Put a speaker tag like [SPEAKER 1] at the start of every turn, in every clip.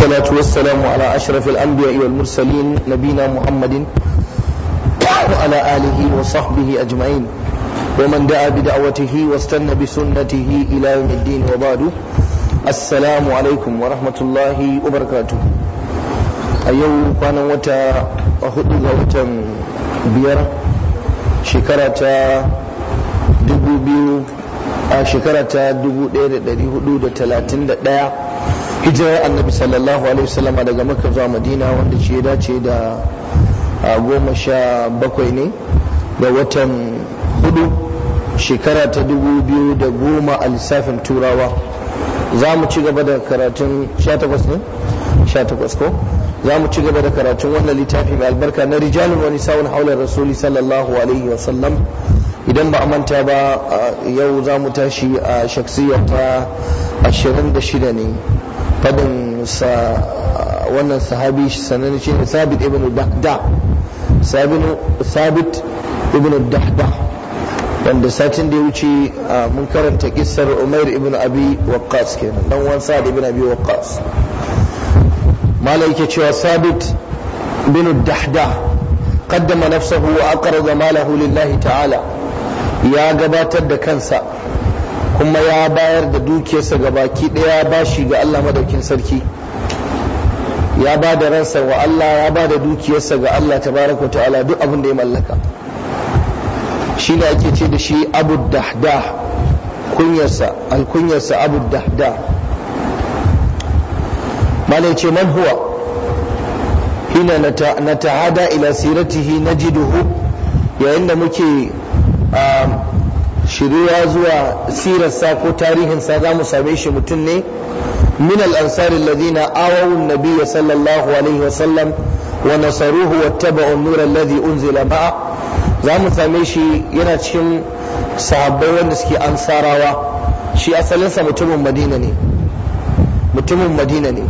[SPEAKER 1] والصلاة والسلام على أشرف الأنبياء والمرسلين نبينا محمد وعلى آله وصحبه أجمعين ومن دعا بدعوته واستنى بسنته إلى يوم الدين وبعد السلام عليكم ورحمة الله وبركاته أيوه كان وتا أخذ وتا بيرة شكرة دبو بيو شكرة دبو دير دبو دبو دبو hijirar annabi sallallahu alaihi wasallam daga maka zuwa madina wanda shi ya dace da goma sha bakwai ne da watan hudu shekara ta dubu biyu da goma a lissafin turawa za mu ci gaba da karatun sha takwas ne sha takwas ko za mu ci gaba da karatun wannan littafi mai albarka na rijalin wani sa'un haular rasuli sallallahu alaihi wasallam idan ba a manta ba yau za mu tashi a shaksiya ta 26 ne fadin sa wannan sahabi sanan shi ne sabit ibn dahda sabit ibn dahda wanda satin da ya wuce mun karanta kissar umair ibn abi waqqas kenan dan wan sa'ad ibn abi waqqas malai yake cewa sabit ibn dahda قدم نفسه وأقرض ماله لله تعالى ya gabatar da kansa kuma ya bayar da dukiyarsa ga baki ɗaya shi ga Allah madaukin sarki ya ba da ransa wa Allah ya ba da dukiyarsa ga Allah tabaraka ta'ala duk abin da ya mallaka shi ne ake ce da shi abu dahda kunyarsa alkunyarsa abu dahda malai ce man huwa hina natahada ila siratihi najiduhu yayin da muke Um, shiriwa zuwa sirarsa ko tarihinsa za mu same shi mutum ne من الأنصار الذين آووا النبي صلى الله عليه وسلم ونصروه واتبعوا النور الذي أنزل za mu same shi yana cikin sahabbai wanda suke ansarawa shi asalinsa mutumin madina ne mutumin madina ne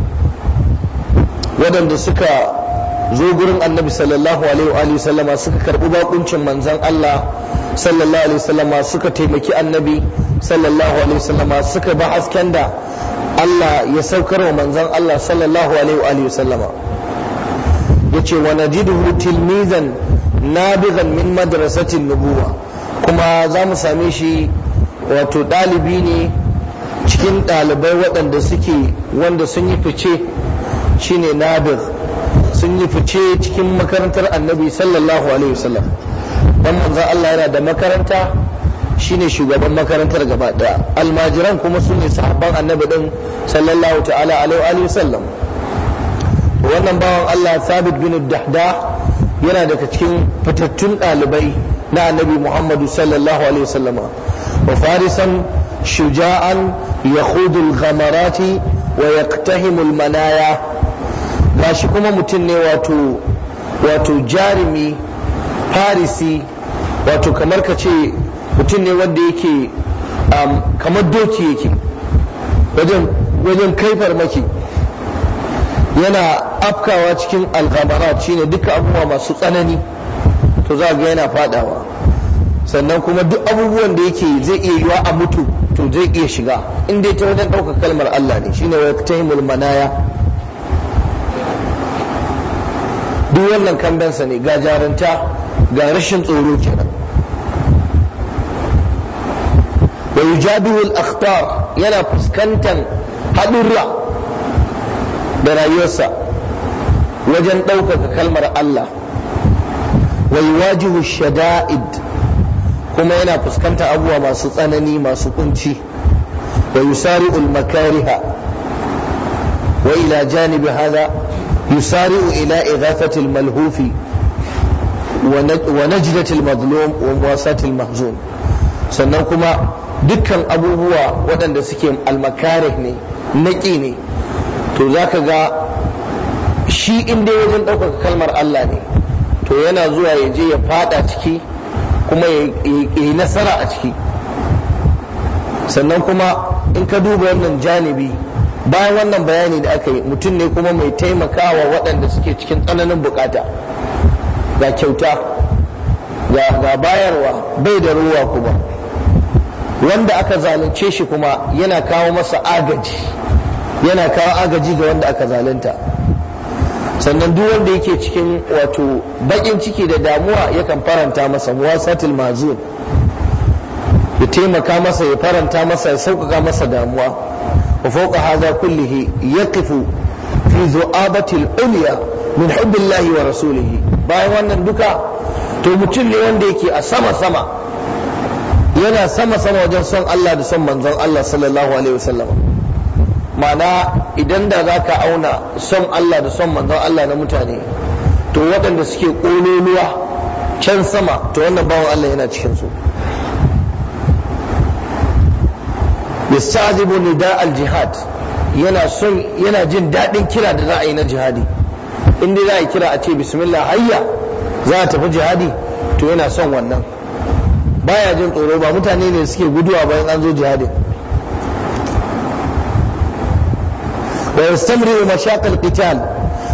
[SPEAKER 1] waɗanda suka zo gurin annabi sallallahu alaihi wa sallama suka karɓi bakuncin manzon Allah sallallahu alaihi wasallama suka taimaki annabi sallallahu alaihi wasallama suka ba hasken da Allah ya saukar wa manzon Allah sallallahu alaihi wasallama yace wa najiduhu tilmizan nabizan min madrasatin nubuwa kuma za mu same shi wato ɗalibi ne cikin ɗalibai waɗanda suke wanda sun yi fice shine nabir sun yi fice cikin makarantar annabi sallallahu alaihi wasallam dan manzon Allah yana da makaranta shine shugaban makarantar gaba daya almajiran kuma su ne sahabban annabi din sallallahu ta'ala alaihi sallam wannan bawan Allah sabit bin dahda yana daga cikin fitattun ɗalibai na annabi muhammadu sallallahu alaihi wasallam wa farisan shuja'an yakhudul ghamarati wa yaqtahimul manaya gashi kuma mutum ne wato wato farisi wato kamar ka ce mutum ne wanda yake um, kamar doki yake wajen kai farmaki yana afkawa cikin algamarat shine duka abubuwa masu tsanani to za ga yana fadawa sannan kuma duk abubuwan da yake zai iya yiwa a mutu to zai iya shiga inda ya ta wajen ɗaukar kalmar Allah ne shine wa tahimul mulmanaya duk wannan kambensa ne ga jaranta ga rashin tsoro kenan wa yujadilu al-akhtar yana fuskantar hadurra da rayuwarsa wajen ɗaukaka kalmar Allah wa yuwajihu shada'id kuma yana fuskanta abubuwa masu tsanani masu kunci wa yusari'ul makariha wa ila janibi hadha yusari'u ila idhafatil malhufi wa najdatil mazlum wa wasatil mahzum sannan kuma dukkan abubuwa waɗanda suke almakarih ne naƙi ne to za ka ga shi inda wajen ɗaukaka kalmar Allah ne to yana zuwa yaje ya fada ciki kuma ya yi nasara a ciki sannan kuma in ka duba wannan janibi bayan wannan bayani da aka yi mutum ne kuma mai taimakawa waɗanda suke cikin tsananin bukata ga kyauta ga bayarwa bai da ruwa kuma wanda aka zalunce shi kuma yana kawo masa agaji yana kawo agaji ga wanda aka zalunta sannan duk wanda yake cikin wato baƙin ciki da damuwa yakan faranta masa muwasatil mazun ya taimaka masa ya faranta masa ya sauƙaƙa masa damuwa wa fawqa hadha kullihi yaqifu fi zu'abatil ulya min hubbillahi wa rasulihi bayan wannan duka to mutum ne wanda yake a sama-sama yana sama-sama wajen son Allah da son manzon Allah sallallahu alaihi wasallam ma'ana idan da za ka auna son Allah da son manzon Allah na mutane to waɗanda suke ƙololuwa can sama to wannan bawan Allah yana cikinsu yastazibu nida al-jihad yana son yana jin daɗin kira da za a yi na jihadi in dai za a kira a ce bismillah hayya za a tafi jihadi to yana son wannan baya jin tsoro ba mutane ne suke guduwa bayan an zo jihadin wa yastamri mashaq al-qital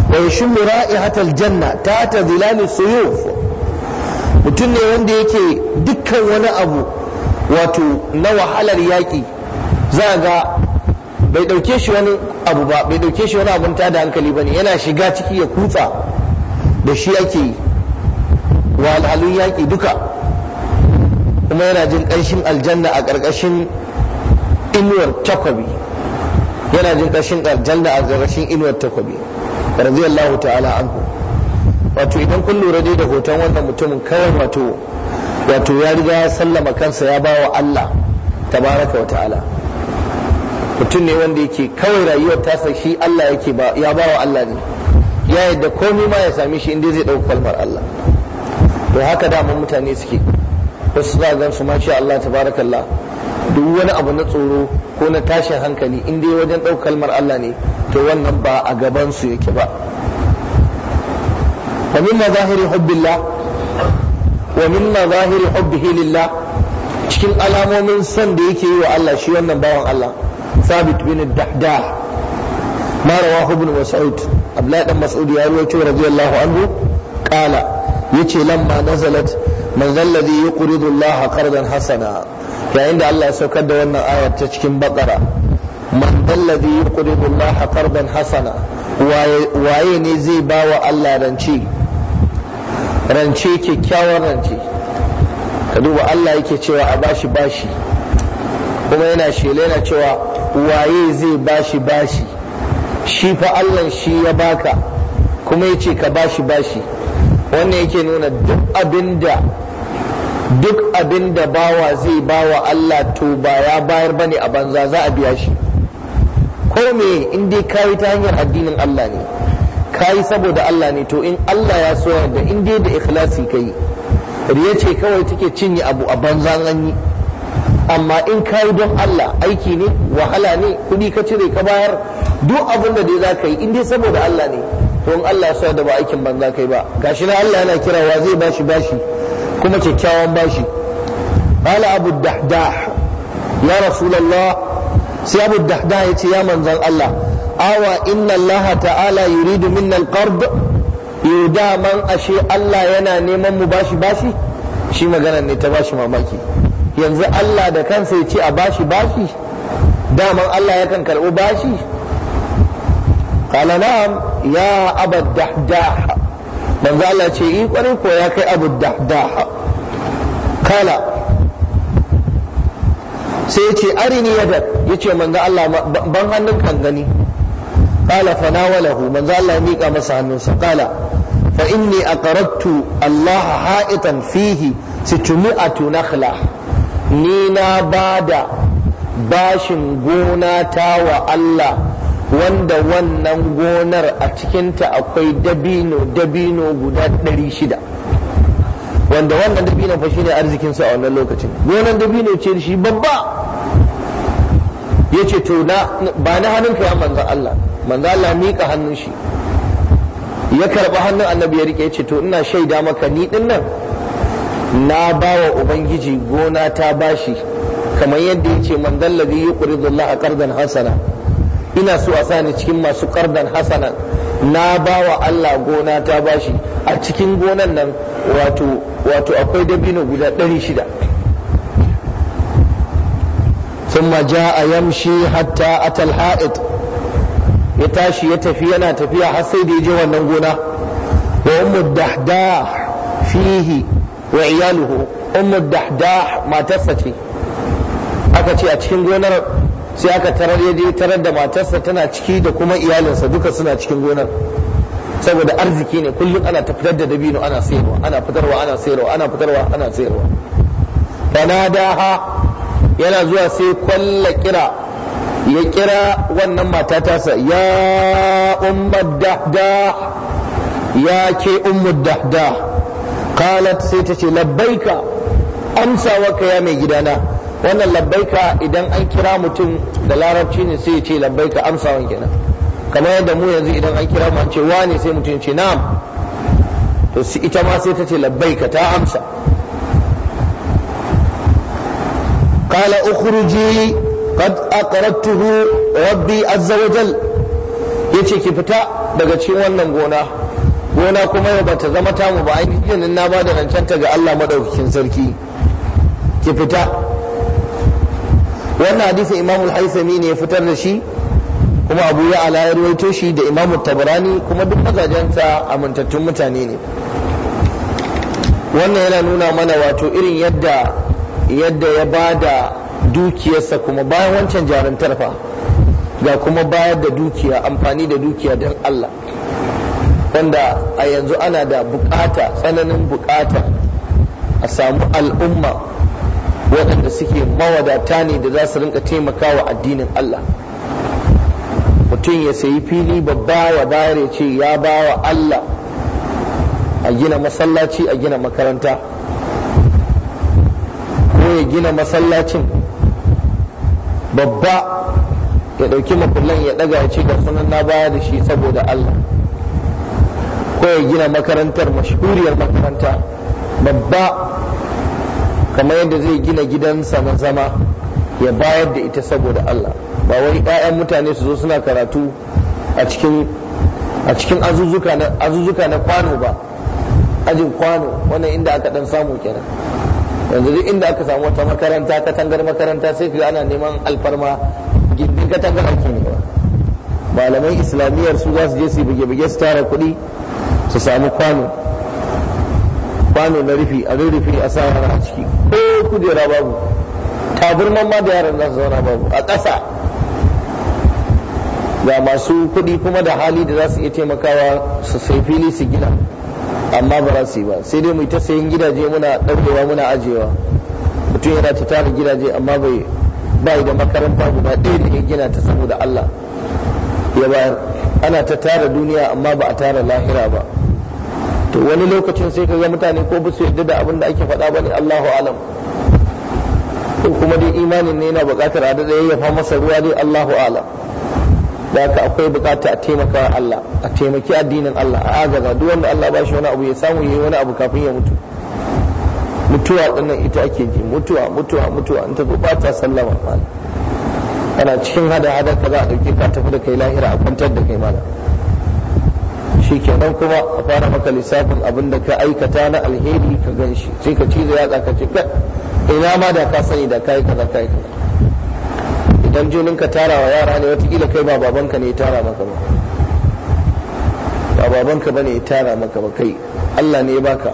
[SPEAKER 1] wa yashum ra'ihat al-janna ta ta as-suyuf mutum ne wanda yake dukkan wani abu wato na wahalar yaƙi za ga bai dauke shi wani abu ba bai dauke shi wani abun tada hankali bane yana shiga ciki ya kutsa da shi ake yi wa alhalun yaƙi duka kuma yana jin ƙanshin aljanna a ƙarƙashin inuwar takwabi yana jin ƙanshin aljanna a ƙarƙashin inuwar takwabi radiyallahu ta'ala anhu wato idan kun lura dai da hoton wannan mutumin kawai wato wato ya riga ya sallama kansa ya bawa Allah tabaraka wa ta'ala mutum ne wanda yake kawai rayuwar tasa shi Allah yake ba ya ba wa Allah ne ya yadda komi ma ya sami shi inda zai dauki kalmar Allah to haka dama mutane suke wasu za gan su masha Allah tabarakallah duk wani abu na tsoro ko na tashin hankali inda dai wajen dauki kalmar Allah ne to wannan ba a gaban su yake ba wa minna zahiri hubbillah wa minna zahiri hubbihi lillah cikin alamomin son da yake yi wa Allah shi wannan bawan Allah ثابت بن الدحداح ما رواه ابن مسعود عبد الله بن مسعود يروي رضي الله عنه قال يتي لما نزلت من ذا الذي يقرض الله قرضا حسنا yayin da Allah ya saukar da wannan ayar ta cikin bakara man dalladhi yuqridu Allah qardan hasana waye ne zai bawa Allah rance rance kyakkyawan rance ka duba Allah yake cewa a bashi bashi kuma yana shela cewa waye zai bashi bashi shi fa Allah shi ya baka kuma yace ka bashi bashi wannan yake nuna duk abinda duk abinda bawa zai bawa Allah to ba ya bayar bane a banza za a biya shi ko me in dai kayi ta hanyar addinin Allah ne kayi saboda Allah ne to in Allah ya so da in dai da ikhlasi kai riya ce kawai take cinye abu a banza an yi amma in ka yi don Allah aiki ne wahala ne kuɗi ka cire ka bayar duk abin da dai za ka yi in dai saboda Allah ne to in Allah ya da ba aikin banza kai ba gashi na Allah yana kirawa zai bashi bashi kuma kyakkyawan bashi qala abu dahdah ya rasulullah sai abu dahdah yace ya manzan Allah awa inna Allah ta'ala yuridu minna qard yuda man ashe Allah yana neman mu bashi bashi shi maganar ne ta bashi mamaki yanzu Allah da kansa ya ce a bashi bashi daman Allah yakan karɓi bashi qala na'am ya abad dahdah manzo Allah ce yi eh, kwarai ko ya kai abu dahdah kala sai ya ce arini yadar ya ce manzo Allah ban hannun kan gani Kala fa fanawalahu manzo Allah ya mika masa hannunsa Kala fa inni aqradtu Allah ha'itan fihi 600 nakhla ni na ba da bashin gona ta wa Allah wanda wannan gonar a cikinta akwai dabino dabino guda ɗari shida wanda wannan dabino fa shine arzikinsa a wannan lokacin gonar dabino ce shi babba ya ce to na ba na hannunka ya manzan Allah manzan Allah miƙa hannun shi ya karɓi hannun annabi ya rike ya ce to ina shaida maka ni nan na bawa ubangiji gona ta bashi kamar yadda yace man dallazi yuqridu a ƙardan hasana ina so a sani cikin masu ƙardan hasana na bawa Allah gona ta bashi a cikin gonan nan wato wato akwai dabino guda 600 ja a yamshi hatta Atal-ha'id ya tashi ya tafi yana tafiya har sai da ya je wannan gona wa mu fihi wa iyaluhu ummu dahdah matarsa ce aka ce a cikin gonar sai aka tarar yaje tarar da matarsa tana ciki da kuma iyalinsa duka suna cikin gonar saboda arziki ne kullum ana tafitar da dabino ana sayarwa ana fitarwa ana sayarwa ana fitarwa ana sayarwa fanadaha yana zuwa sai kwalla kira ya kira wannan mata tasa ya ummad dahdah ya ke ummud dahdah qalat sai ta ce labbaika amsawa ka ya mai gidana wannan labbaika idan an kira mutum da larabci ne sai ya ce labbaika amsawan kenan kamar yadda mu yanzu idan an kira mu an ce sai mutum ya ce to ita ma sai ta ce labbaika ta amsa قال اخرجي قد اقرضته ربي عز وجل yace ki fita daga cikin wannan gona gona kuma yau bata zama tamu ba ainihin na ba da rancanta ga Allah madaukakin sarki ki fita wannan hadisi imamu al-haisami ne ya fitar da shi kuma abu ya ala ya ruwaito shi da imamu tabarani kuma duk mazajensa amintattun mutane ne wannan yana nuna mana wato irin yadda yadda ya ba da dukiyarsa kuma bayan wancan jarumtar fa ga kuma bayar da dukiya amfani da dukiya don Allah wanda a yanzu ana da bukata tsananin bukata a samu al'umma waɗanda suke mawadata ne da za su rinka taimakawa addinin Allah mutum ya sayi fili babba wa bayar ya ce ya bawa Allah a gina masallaci a gina makaranta ko ya gina masallacin babba ya ɗauki makullan ya ɗaga ya ce ga sunan na baya da shi saboda Allah ko ya gina makarantar mashhuriyar makaranta babba kamar yadda zai gina gidansa na zama ya bayar da ita saboda Allah ba wani ƴaƴan mutane su zo suna karatu a cikin azuzuka na kwano ba ajin kwano wannan inda aka dan samu kenan yanzu duk inda aka samu wata makaranta katangar makaranta sai ka ana neman alfarma gindin katangar aiki ne ba malamai islamiyyar su za su je su buge-buge su tara kuɗi su samu kwano kwano na rufi a rufi a sa yara a ciki ko kujera babu taburman ma da yaran za su zauna babu a ƙasa ga masu kuɗi kuma da hali da za su iya taimakawa su sai fili su gina amma ba za su yi ba sai dai mu ta sayan gidaje muna ɗaukewa muna ajiyewa mutum yana ta tara gidaje amma bai bai da makaranta guda ɗaya da ya gina ta saboda Allah ya bayar ana ta tara duniya amma ba a tara lahira ba to wani lokacin sai ga mutane ko ba su yarda da abin da ake faɗa ba ne Allahu alam to kuma dai imanin ne yana buƙatar a dada yayyafa masa ruwa dai Allahu alam da haka akwai buƙata a taimaka Allah a taimaki addinin Allah a agaza duk wanda Allah ba shi wani abu ya samu yayi wani abu kafin ya mutu mutuwa dinnan ita ake ji mutuwa mutuwa mutuwa in ta zo ba ta sallama ana cikin hada hada ka za a ɗauke ka tafi da kai lahira a kwantar da kai malam. shi kenan kuma a fara maka lissafin abin da ka aikata na alheri ka gan shi sai ka cizo ya ka ce ina ma da ka sani da kai kaza kai idan jinin ka tara wa yara ne watakila kai ba babanka ne ya tara maka ba ba babanka ba ne ya tara maka ba kai Allah ne ya baka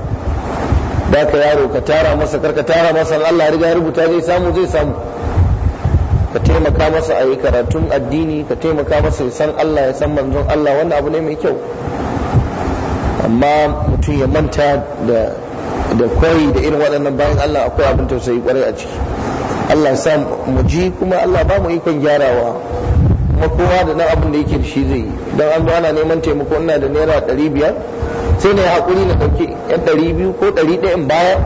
[SPEAKER 1] baka yaro ka tara masa karka tara masa Allah riga ya rubuta zai samu zai samu ka taimaka masa a yi karatun addini ka taimaka masa ya san Allah ya san manzon Allah wannan abu ne mai kyau amma mutum ya manta da kwari da irin waɗannan bayan Allah akwai abin tausayi kwarai a ciki Allah sa mu ji kuma Allah ba mu ikon gyarawa kuma kowa da nan abin da yake da shi zai yi don an ana neman taimako ina da naira ɗari biyar sai na yi haƙuri na ɗauki yan ɗari biyu ko ɗari ɗaya in baya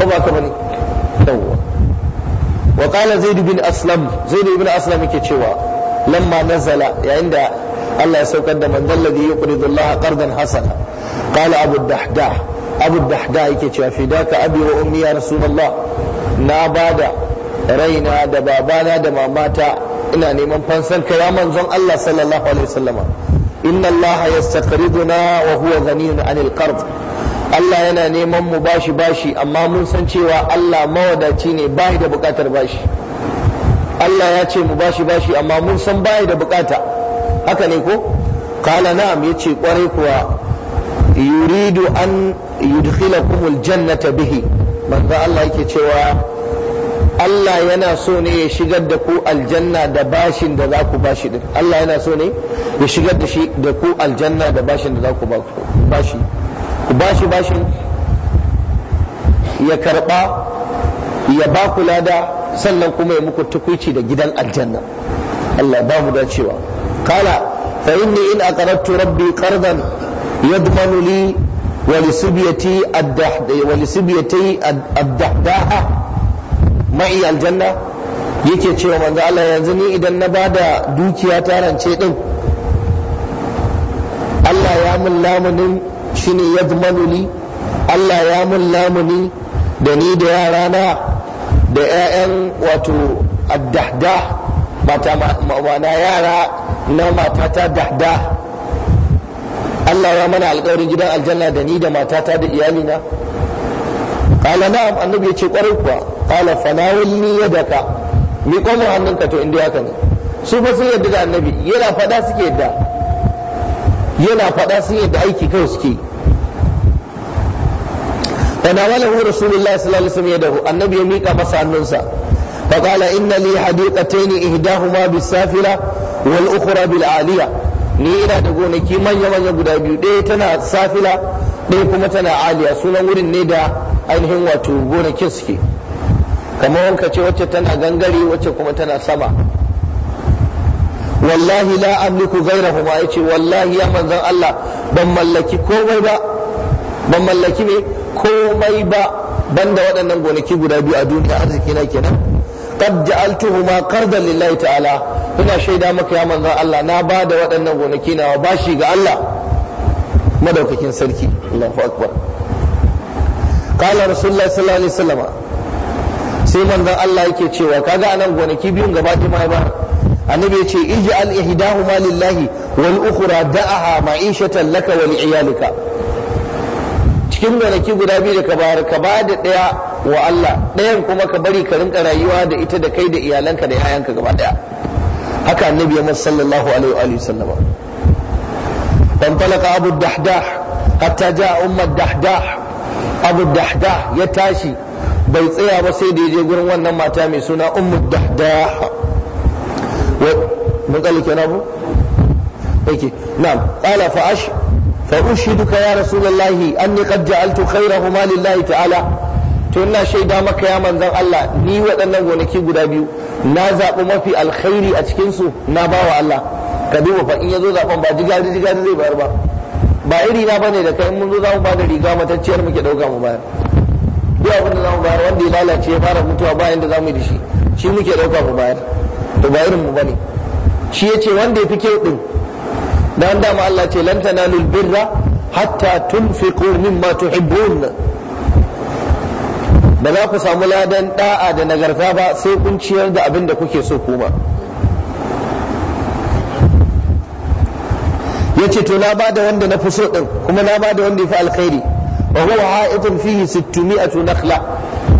[SPEAKER 1] ko ba ka bane yawwa wa qala zaid bin aslam zaid bin aslam yake cewa lamma nazala yayin da Allah ya saukar da man dalladhi yuqridu Allah qardan hasana qala Abu Dahdah Abu Dahdah yake cewa fidaka abi wa ummi ya rasulullah na bada raina da babana da mamata ina neman fansar ka ya manzon Allah sallallahu alaihi wasallama inna Allah yastaqriduna wa huwa ghaniyun 'anil qard Allah yana neman mu bashi bashi amma mun san cewa Allah mawadaci ne bai da bukatar bashi Allah ya ce mu bashi bashi amma mun san bai da bukata haka ne ko qala na'am yace kwarai kuwa yuridu an yudkhilakum jannata bihi manzo Allah yake cewa Allah yana so ne ya shigar da ku aljanna da bashin da za ku bashi din Allah yana so ne ya shigar da shi da ku aljanna da bashin da za ku bashi ku bashi bashin ya karba ya ba ku lada sannan kuma ya muku tukuici da gidan aljanna Allah ba mu dacewa kala fa inni in aqradtu rabbi qardan yadmanu li wa li sibyati ad-dahda wa li sibyati ad-dahdaha ma'i aljanna yake cewa manzo Allah yanzu ni idan na bada dukiya ta rance din Allah ya mun lamunin shine yadmanu li Allah ya mun lamuni da ni da yarana da 'ya'yan wato addahda mata ma'ana yara na matata dahda Allah ya mana alƙawarin gidan aljanna da ni da matata da iyalina qala na annabi ya ce kwarai kuwa ni ya yadaka mi komo hannunka to inda haka ne su ba sun yadda da annabi yana fada suke yadda yana fada sun yadda aiki kawai suke fanawalahu rasulullahi sallallahu alaihi wasallam yadahu annabi ya mika masa hannunsa فقال إن لي حديقتين إهداهما بالسافلة والأخرى بالعالية ni ina da gonaki manya-manya guda biyu ɗaya tana safila ɗaya kuma tana aliya sunan wurin ne da ainihin wato gonakin suke kamar wanka ce wacce tana gangare wacce kuma tana sama wallahi la amliku ghairahuma yace wallahi ya manzon Allah ban mallaki komai ba ban mallaki ne komai ba banda waɗannan gonaki guda biyu a duniya arziki na kenan qad ja'altuhuma qardan lillahi ta'ala ina shaida maka ya manzon Allah na ba da waɗannan gonaki nawa bashi ga Allah madaukakin sarki Allahu akbar qala rasulullah sallallahu alaihi wasallam sai manzon Allah yake cewa kaga anan gonaki biyun gaba ta mai ba annabi yace ce ij'al ihdahuma lillahi wal ukhra da'aha ma'ishatan laka wa li'iyalika cikin gonaki guda biyu da ka bayar ka ba da ɗaya wa Allah ɗayan kuma ka bari ka rinka rayuwa da ita da kai da iyalanka da yayanka gaba ɗaya haka annabi ya masa sallallahu alaihi wa sallama dan talaka abu dahdah hatta ja umma dahdah abu dahdah ya tashi bai tsaya ba sai da ya je gurin wannan mata mai suna ummu dahdah mun kalle kenan na'am qala fa ash فأشهدك يا رسول الله أني قد جعلت خيرهما لله تعالى to ina shaida maka ya manzan Allah ni waɗannan gonaki guda biyu na zaɓi mafi alkhairi a cikinsu na ba Allah ka duba fa ya zo zaɓen ba jigari jigari zai bayar ba ba iri na bane da kai mun zo za mu ba da riga matacciyar muke ɗauka mu bayar duk abin da za mu bayar wanda ya lalace ya fara mutuwa ba yanda za mu shi muke ɗauka mu bayar to ba irin mu bane shi ya ce wanda yafi fi kyau ɗin dan dama Allah ce lan tanalul birra hatta tunfiqu mimma tuhibbun ba za ku samu ladan da'a da nagarta ba sai kun ciyar da abin da kuke so kuma yace to na bada wanda na fi so din kuma na bada wanda yafi alkhairi wa huwa ha'itun fihi 600 nakhla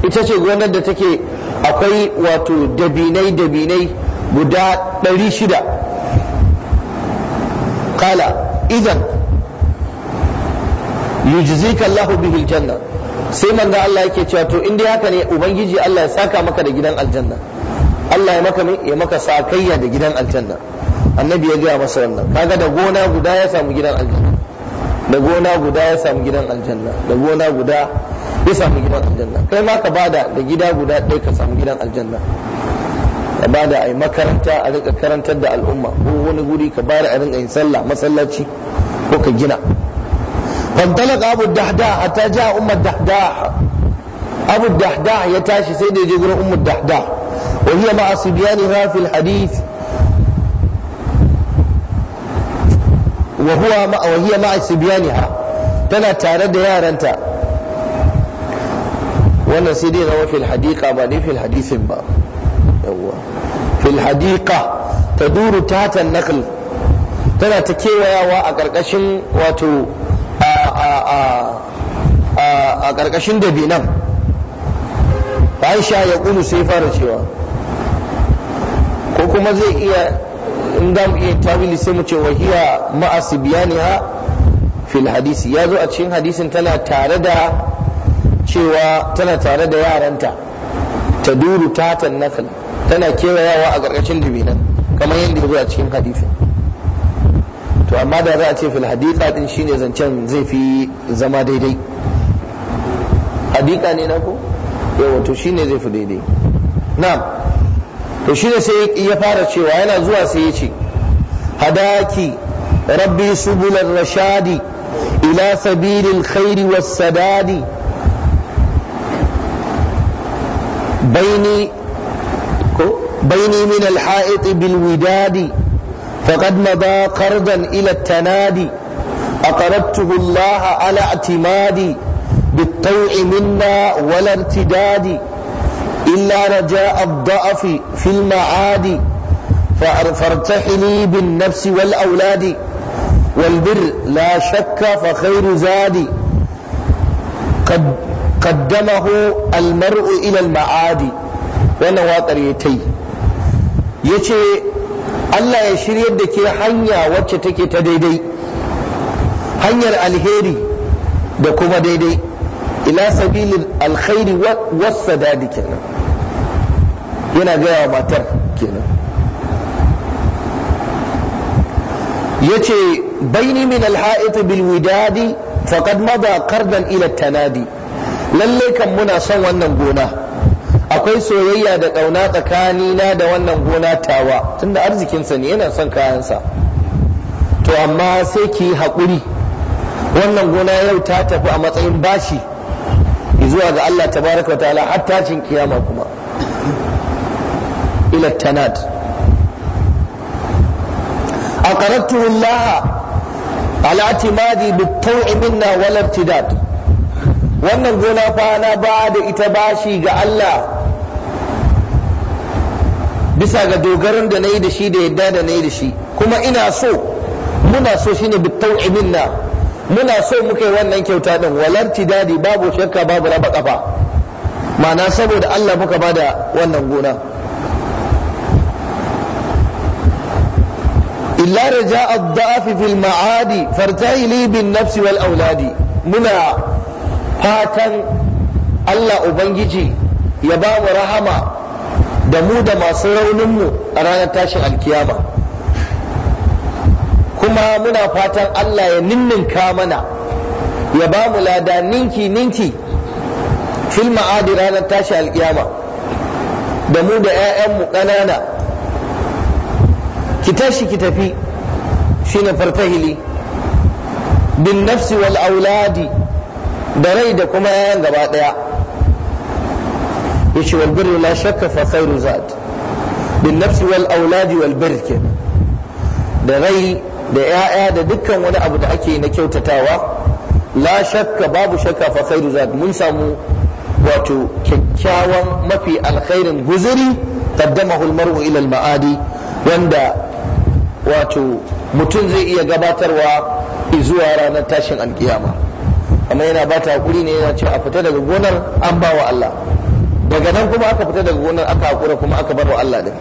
[SPEAKER 1] ita ce gonar da take akwai wato dabinai dabinai guda ɗari shida. qala idan yujzika Allahu bihi aljanna sai manzo Allah yake cewa to in dai haka ne ubangiji Allah ya saka maka da gidan aljanna Allah ya maka ya maka sakayya da gidan aljanna annabi ya gaya masa wannan kaga da gona guda ya samu gidan aljanna da gona guda ya samu gidan aljanna da gona guda ya samu gidan aljanna kai ma ka bada da gida guda ɗaya ka samu gidan aljanna ka da a yi makaranta a rika da al'umma ko wani guri ka ba da a rika yin sallah masallaci ko ka gina fantala ka abu dahda a ta ja umma dahda abu dahda ya tashi sai da ya je gurin umma dahda wa tare da yaranta wannan sai dai rawafil hadiqa ba ne fil hadithin ba yawwa fil hadiqa taduru tatan nakl tana ta kewayawa a ƙarƙashin wato a ƙarƙashin dabinan aisha ya ƙulu sai fara cewa ko kuma zai iya in da mu iya sai mu ce wa hiya ma'asibiyaniha fil hadisi ya zo a cikin hadisin tana tare da cewa tana tare da yaranta ta duru tatan nakl tana kewayawa a ƙarƙashin dubinan kamar yadda zo a cikin hadisi to amma da za a ce fil hadika din shine zancen zai fi zama daidai hadika ne na ko yawa to shine zai fi daidai Na. to shine sai ya fara cewa yana zuwa sai ya ce hadaki rabbi subular rashadi ila sabilil khairi was sadadi baini بيني من الحائط بالوداد فقد مضى قرضا إلى التنادي أقرضته الله على اعتمادي بالطوع منا ولا ارتداد إلا رجاء الضعف في المعاد فارتحلي بالنفس والأولاد والبر لا شك فخير زادي قد قدمه المرء إلى المعاد وأنا واقر ya ce Allah ya shirya da ke hanya wacce take ta daidai hanyar alheri da kuma daidai ila sabilin alkhairi wasa dadi kenan yana gaya matar kenan ya ce baini min alha'ita bil widadi faqad mada qardan ila tanadi lalle kan muna son wannan gona akwai soyayya da ƙauna tsakanina da wannan gona tawa tunda arzikinsa ne yana son kayansa to amma sai ki yi haƙuri wannan gona yau ta tafi a matsayin bashi zuwa ga Allah tabaraka ta'ala har tashin kiyama kuma ila tanad aqaratu Allah ala timadi bitaw'i minna wal ibtidad wannan gona fa na ba da ita bashi ga Allah bisa ga dogaran da na yi da shi da yadda da na yi da shi kuma ina so muna so shine bitau minna muna so muka yi wannan kyauta din walar tidadi babu shakka babu raba kafa ma'ana saboda Allah muka bada wannan gona illa raja ad-da'af fil ma'adi fartahili bin nafsi wal auladi muna fatan Allah ubangiji ya ba mu rahama da mu da masu rauninmu a ranar tashin alkiyama kuma muna fatan Allah ya ninninka mana ya ba mu lada ninki ninki fil ma'adi ranar tashin alkiyama da mu da 'ya'yanmu ƙanana ki tashi ki tafi shine farfahili bin nafsi wal auladi da rai da kuma 'ya'yan gaba ɗaya yace wal la shakka fa khairu zat bin nafsi wal auladi wal birr da rai da ‘ya'ya da dukkan wani abu da ake na kyautatawa la shakka babu shakka fa khairu zat mun samu wato kyakkyawan mafi alkhairin guzuri qaddamahu almar'u ila ma'adi wanda wato mutum zai iya gabatarwa zuwa ranar tashin alkiyama amma yana bata hakuri ne yana ce a fita daga gonar an bawa Allah daga nan kuma aka fita daga gonar aka hakura kuma aka bar wa Allah din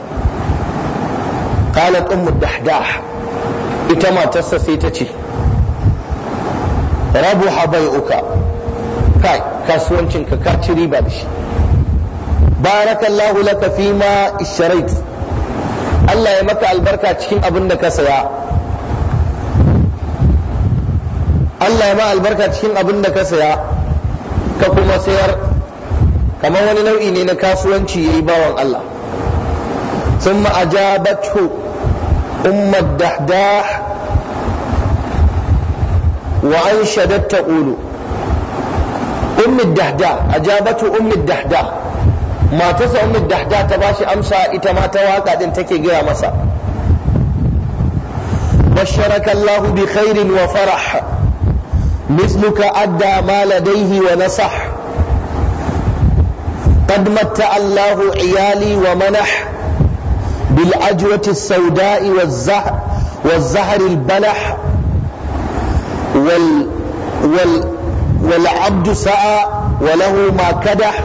[SPEAKER 1] qalat ummu dahdah ita matarsa sai ta ce rabu habai'uka kai kasuwancinka ka ci riba da shi barakallahu laka fima isharait Allah ya maka albarka cikin abin da ka saya Allah ya ma albarka cikin abin da ka saya ka kuma sayar kamar wani nau'i ne na kasuwanci ya yi bawan Allah sun ma'ajabatu ummar dahdah wa an shadatta ulu ummar dahdah ajabatu ummar dahdah matasa ummar dahdah ta bashi amsa ita mata waka din take gaya masa بشرك الله بخير وفرح مثلك أدى ما لديه ونصح قد متع الله عيالي ومنح بالعجوة السوداء والزهر والزهر البلح وال وال والعبد سعى وله ما كدح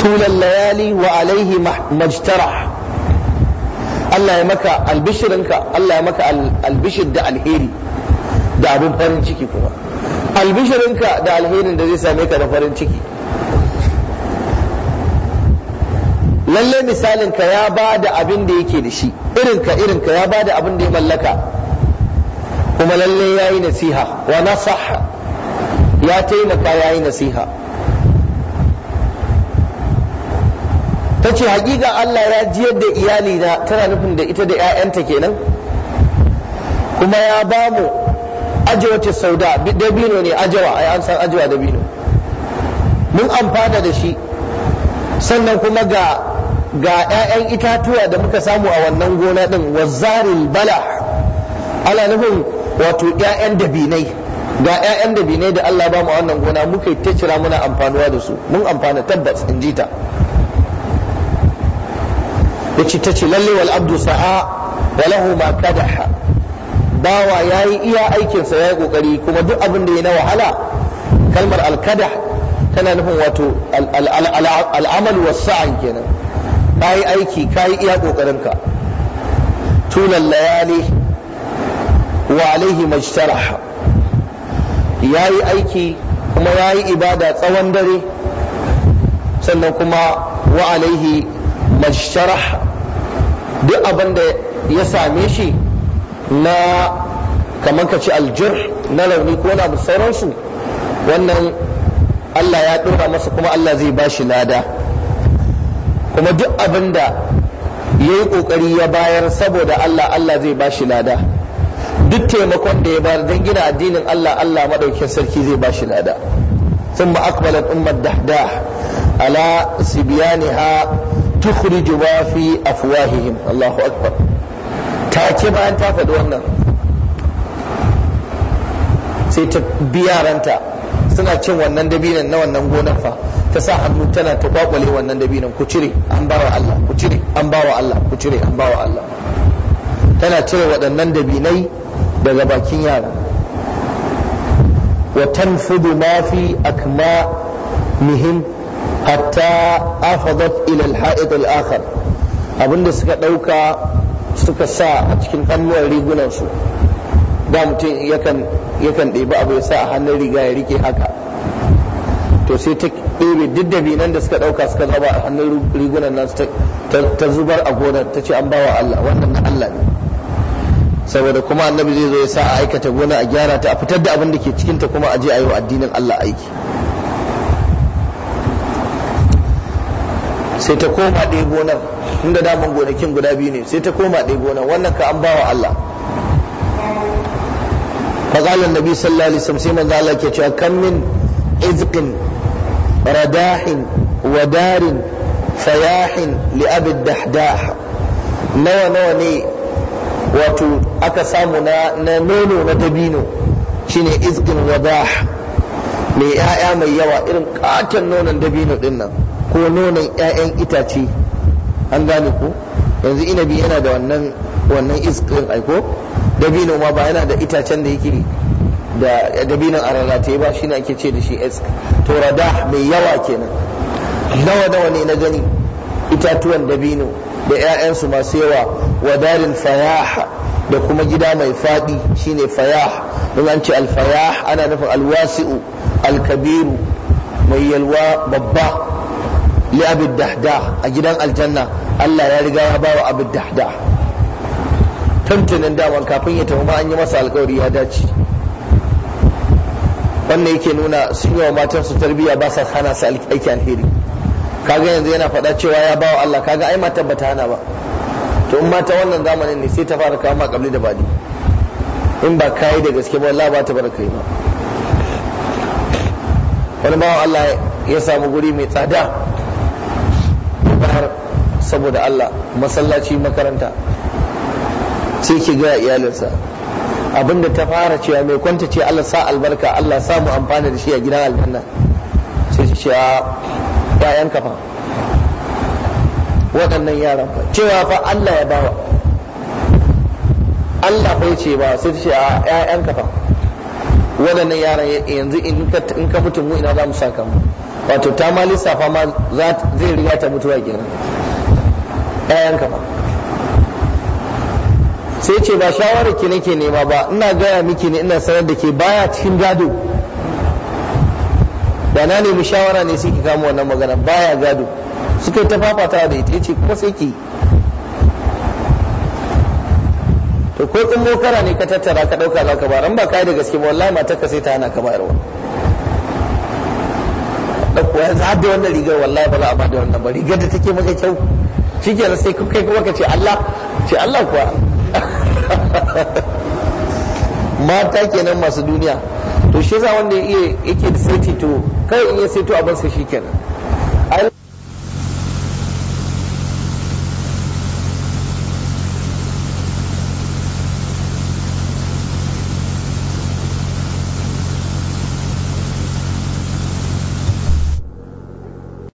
[SPEAKER 1] طول الليالي وعليه ما اجترح الله يمك البشر انك الله يمك البشر ده الهيري ده abun farin ciki kuma albishirinka da alherin da zai same ka da farin ciki Lallai misalin ka ya ba abin da yake da shi irin ka irin ka ya ba da abin da ya mallaka kuma lalle ya yi nasiha wa nasaha ya taimaka ya yi nasiha ta ce hakika Allah ya jiyar da iyali na tana nufin da ita da 'ya'yanta kenan kuma ya ba mu ajiyar sauda dabino ne ajawa ai an san ajawa dabino mun amfana da shi sannan kuma ga ga 'ya'yan itatuwa da muka samu a wannan gona din wazarin bala ana nufin wato 'ya'yan dabinai ga 'ya'yan dabinai da Allah ba mu a wannan gona muka ta cira muna amfanuwa da su mun amfana tabbas in jita ta tace lalle wal abdu sa'a wa lahu ma kadaha bawa yayi iya aikin sa yayi kokari kuma duk abin da ya na wahala kalmar al kadah tana nufin wato al amal was kenan ka yi aiki ka yi iya ƙoƙarinka tunan layali wa alaihi majtara ya yi aiki kuma ya yi ibada tsawon dare sannan kuma wa alaihi majtara duk abin da ya same shi na kamar ka ce aljir na launi ko na sauransu wannan Allah ya ɗora masa kuma Allah zai ba shi lada kuma duk abin da ya yi ƙoƙari ya bayar saboda Allah Allah zai ba shi lada duk taimakon da ya bayar don gina addinin Allah Allah maɗaukin sarki zai ba shi lada ثم أقبلت أمة دحداح على سبيانها تخرج ما في أفواههم الله أكبر take bayan ta faɗi wannan sai ta biya ranta suna cin wannan dabinan na wannan gonar fa ta sa hannu tana ta kwakwale wannan dabinan ku cire an bawa Allah ku cire an bawa Allah ku cire an bawa Allah tana cire waɗannan dabinai daga bakin yara wa tanfudu ma fi mihim hatta afadat ila al-ha'id al-akhar abinda suka dauka suka sa a cikin hannuwan su. da mutum yakan yakan ɗebi abu ya sa a hannun riga ya rike haka to sai ta ɗebe duk da nan da suka ɗauka suka zaba a hannun rigunan nan ta zubar a gonar ta ce an bawa Allah wannan na Allah ne saboda kuma annabi zai zo ya sa a aikata gona a gyara ta a fitar da abin da ke cikinta kuma a je a yi wa addinin Allah aiki sai ta koma ɗaya gonar inda daman gonakin guda biyu ne sai ta koma ɗaya gonar wannan ka an bawa Allah bagala nabi sallallahu alaihi wasallam sai manzo Allah yake cewa kam min izqin radahin wa darin fayahin li abi dahdah law nawani wato aka samu na na nono na dabino shine izqin wadah me yaya mai yawa irin katan nonon dabino din nan ko nonon yayan itace an gane ku yanzu inabi yana da wannan wannan izqin aiko dabino ma ba yana da itacen da yake da dabinon a rarrataye ba ne ake ce da shi esk to rada mai yawa kenan nawa nawa ne na gani itatuwan dabino da 'ya'yansu masu yawa wadarin fayah da kuma gida mai faɗi shine fayah in an ce alfayah ana nufin alwasi'u alkabiru mai yalwa babba li abid dahda a gidan aljanna Allah ya riga ya bawa abid dahda tuntunin daman kafin ya tafi ma an yi masa alkawari ya dace wannan yake nuna sun yi wa matan su tarbiyya ba sa hana su aiki alheri kaga yanzu yana fada cewa ya bawa Allah kaga ai matan ta hana ba to in mata wannan zamanin ne sai ta fara kama kabli da bani in ba yi da gaske ba Allah ba ta bar kai ba wani bawa Allah ya samu guri mai tsada saboda Allah masallaci makaranta sai ke ga iyalinsa abinda ta fara cewa mai kwanta ce Allah sa albarka Allah sa mu amfana da shi a gidan aljanna sai su ce bayan kafa waɗannan yaran fa cewa fa Allah ya bawa Allah bai ce ba sai su ce a ƴaƴan kafa waɗannan yaran yanzu in ka mutu mu ina za mu saka mu wato ta ma lissafa ma zai riga ta mutuwa kenan ƴaƴan kafa sai ce ba shawarar ki nake nema ba ina gaya miki ne ina sanar da ke baya cikin gado da na nemi shawara ne sai ki kama wannan magana baya gado suka yi ta fafata da ita yace kuma sai ki to ko in mokara ne ka tattara ka dauka zaka bayar in ba kai da gaske ba wallahi matarka sai ta hana ka bayarwa dauko yanzu ya da wannan rigar wallahi ba za a ba da wannan ba rigar da take maka kyau shikenan sai kai kuma ka ce Allah ce Allah kuwa mata kenan masu duniya to shi za wanda yake da saiti to kai in ya saito abin sa kenan.